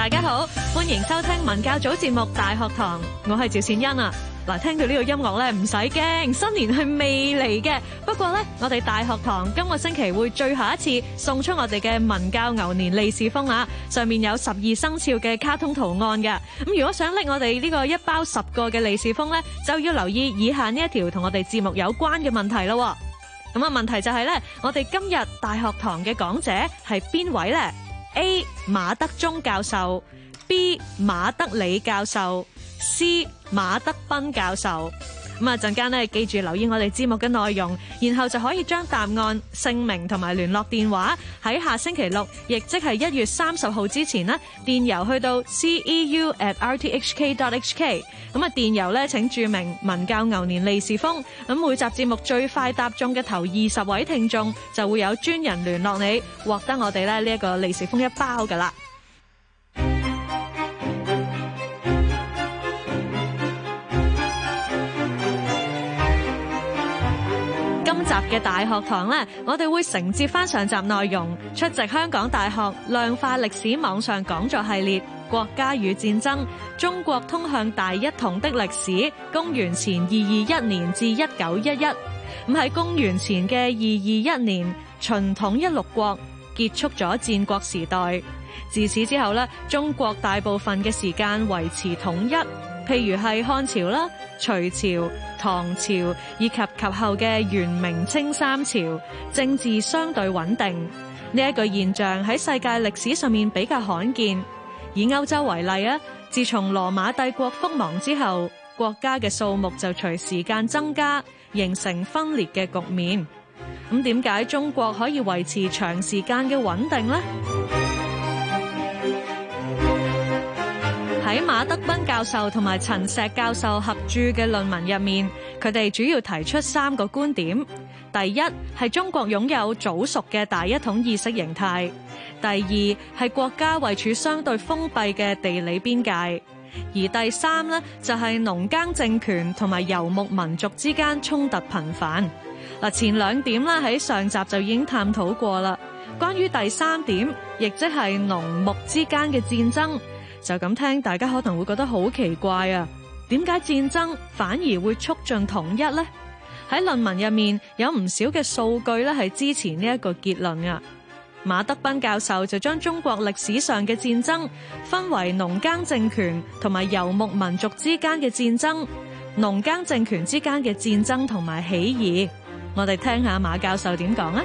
大家好，歡迎收聽文教組節目《大學堂》，我係趙善欣啊。嗱，聽到呢個音樂咧，唔使驚，新年係未嚟嘅。不過咧，我哋大學堂今個星期會最後一次送出我哋嘅文教牛年利是封啊！上面有十二生肖嘅卡通圖案嘅。咁如果想拎我哋呢個一包十個嘅利是封咧，就要留意以下呢一條同我哋節目有關嘅問題咯。咁啊，問題就係咧，我哋今日大學堂嘅講者係邊位呢？A 馬德中教授，B 馬德里教授，C 馬德斌教授。咁啊，陣間咧，記住留意我哋節目嘅內容，然後就可以將答案姓名同埋聯絡電話喺下星期六，亦即係一月三十號之前呢電郵去到 c e u at r t h k dot h k。咁啊，電郵咧請註明文教牛年利是風。咁每集節目最快答中嘅頭二十位聽眾就會有專人聯絡你，獲得我哋咧呢一個利是風一包㗎啦。嘅大學堂咧，我哋會承接翻上，上集內容，出席香港大學量化歷史網上講座系列《國家與戰爭：中國通向大一統的歷史（公元前二二一年至一九一一）》。咁喺公元前嘅二二一年，秦統一六國，結束咗戰國時代。自此之後咧，中國大部分嘅時間維持統一，譬如係漢朝啦、隋朝、唐朝以及及後嘅元、明、清三朝，政治相對穩定。呢、這、一個現象喺世界歷史上面比較罕見。以歐洲為例啊，自從羅馬帝國覆亡之後，國家嘅數目就隨時間增加，形成分裂嘅局面。咁點解中國可以維持長時間嘅穩定呢？喺馬德斌教授同埋陳石教授合著嘅論文入面，佢哋主要提出三個觀點：第一，係中國擁有早熟嘅大一統意識形態；第二，係國家位處相對封閉嘅地理邊界；而第三呢就係、是、農耕政權同埋游牧民族之間衝突頻繁。嗱，前兩點啦喺上集就已經探討過啦。關於第三點，亦即係農牧之間嘅戰爭。就咁聽，大家可能會覺得好奇怪啊！點解戰爭反而會促進統一呢？喺論文入面有唔少嘅數據咧，係支持呢一個結論啊！馬德斌教授就將中國歷史上嘅戰爭分為農耕政權同埋游牧民族之間嘅戰爭、農耕政權之間嘅戰爭同埋起義。我哋聽下馬教授點講啊！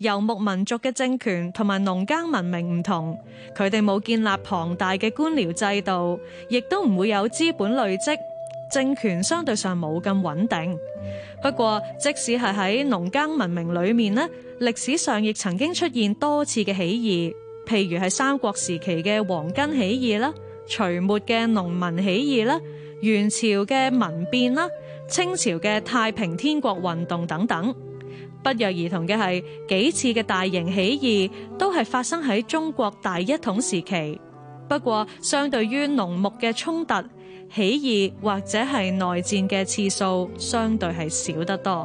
游牧民族嘅政權同埋農耕文明唔同，佢哋冇建立龐大嘅官僚制度，亦都唔會有資本累積，政權相對上冇咁穩定。不過，即使係喺農耕文明裏面呢，歷史上亦曾經出現多次嘅起義，譬如係三國時期嘅黃巾起義啦、隋末嘅農民起義啦、元朝嘅民變啦、清朝嘅太平天國運動等等。不約而同嘅係，幾次嘅大型起義都係發生喺中國大一統時期。不過，相對於農牧嘅衝突，起義或者係內戰嘅次數相對係少得多。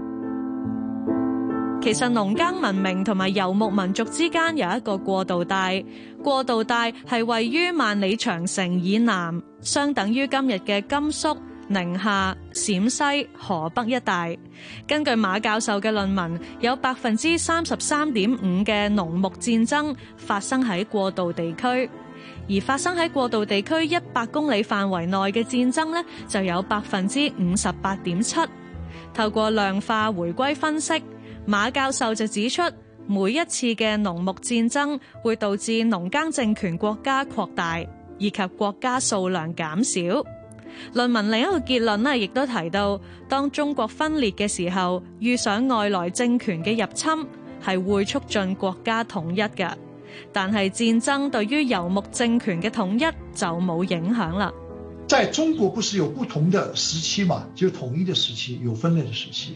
其實農耕文明同埋游牧民族之間有一個過渡帶，過渡帶係位於萬里長城以南，相等於今日嘅甘肅、寧夏、陝西、河北一帶。根據馬教授嘅論文，有百分之三十三點五嘅農牧戰爭發生喺過渡地區，而發生喺過渡地區一百公里範圍內嘅戰爭呢，就有百分之五十八點七。透過量化回歸分析，馬教授就指出，每一次嘅農牧戰爭會導致農耕政權國家擴大，以及國家數量減少。論文另一個結論呢，亦都提到，當中國分裂嘅時候，遇上外來政權嘅入侵，係會促進國家統一嘅。但係戰爭對於游牧政權嘅統一就冇影響啦。在中國不是有不同的時期嘛？就統一的時期，有分裂的時期。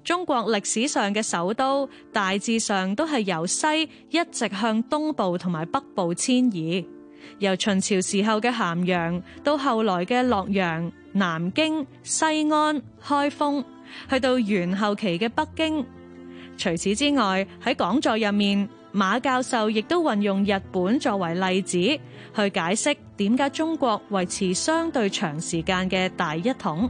中國歷史上嘅首都大致上都係由西一直向東部同埋北部遷移，由秦朝時候嘅咸陽到後來嘅洛陽、南京、西安、開封，去到元後期嘅北京。除此之外，喺講座入面，馬教授亦都運用日本作為例子去解釋點解中國維持相對長時間嘅大一統。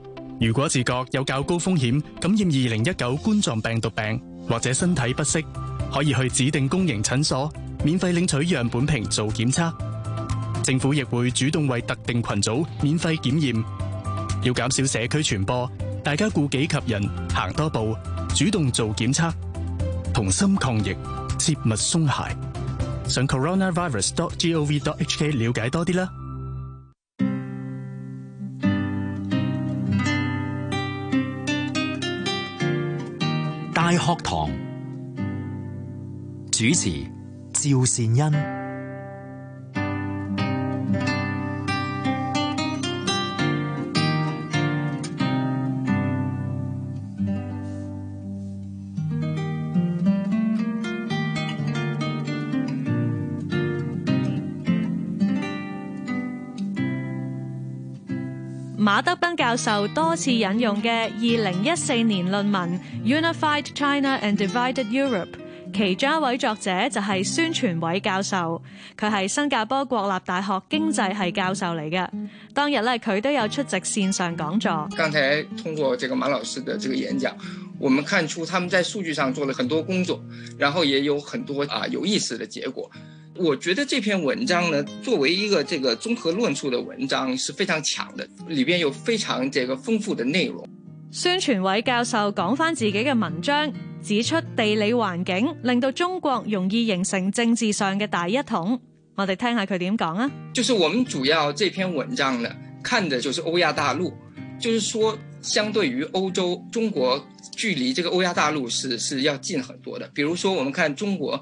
如果自覺有較高風險感染2019冠狀病毒病，或者身體不適，可以去指定公營診所免費領取樣本瓶做檢測。政府亦會主動為特定群組免費檢驗。要減少社區傳播，大家顧己及人，行多步，主動做檢測，同心抗疫，切勿鬆懈。上 coronavirus.gov.hk 了解多啲啦。大課堂主持：趙善恩。教授多次引用嘅二零一四年論文《Unified China and Divided Europe》，其中一位作者就係孫傳偉教授，佢係新加坡國立大學經濟系教授嚟嘅。當日咧，佢都有出席綫上講座。剛才通過這個馬老師的這個演講，我們看出他們在數據上做了很多工作，然後也有很多啊有意思的結果。我覺得這篇文章呢，作為一個這個綜合論述的文章是非常強的，裏邊有非常這個豐富的內容。孫傳偉教授講返自己嘅文章，指出地理環境令到中國容易形成政治上嘅大一統。我哋聽下佢點講啊？就是我們主要這篇文章呢，看的就是歐亞大陸，就是說相對於歐洲，中國距離這個歐亞大陸是是要近很多的。比如說，我們看中國。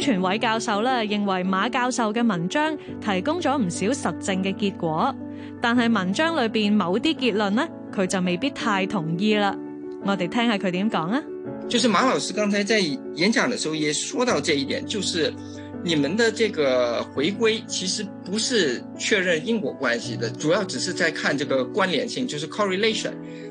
全偉教授咧認為馬教授嘅文章提供咗唔少實證嘅結果，但係文章裏邊某啲結論呢，佢就未必太同意啦。我哋聽下佢點講啊？就是馬老師剛才在演講的時候也說到這一點，就是你們的這個回歸其實不是確認因果關係的，主要只是在看這個關聯性，就是 correlation。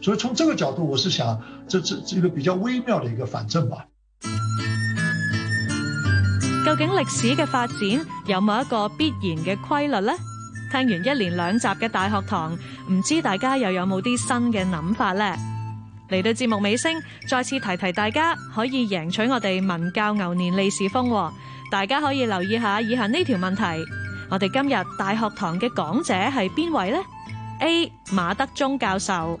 所以從這個角度，我是想，這這一個比較微妙的一個反證吧。究竟歷史嘅發展有冇一個必然嘅規律呢？聽完一連兩集嘅大學堂，唔知大家又有冇啲新嘅諗法呢？嚟到節目尾聲，再次提提大家可以贏取我哋文教牛年利是封，哦，大家可以留意下以下呢條問題。我哋今日大學堂嘅講者係邊位呢？A 馬德斌教授。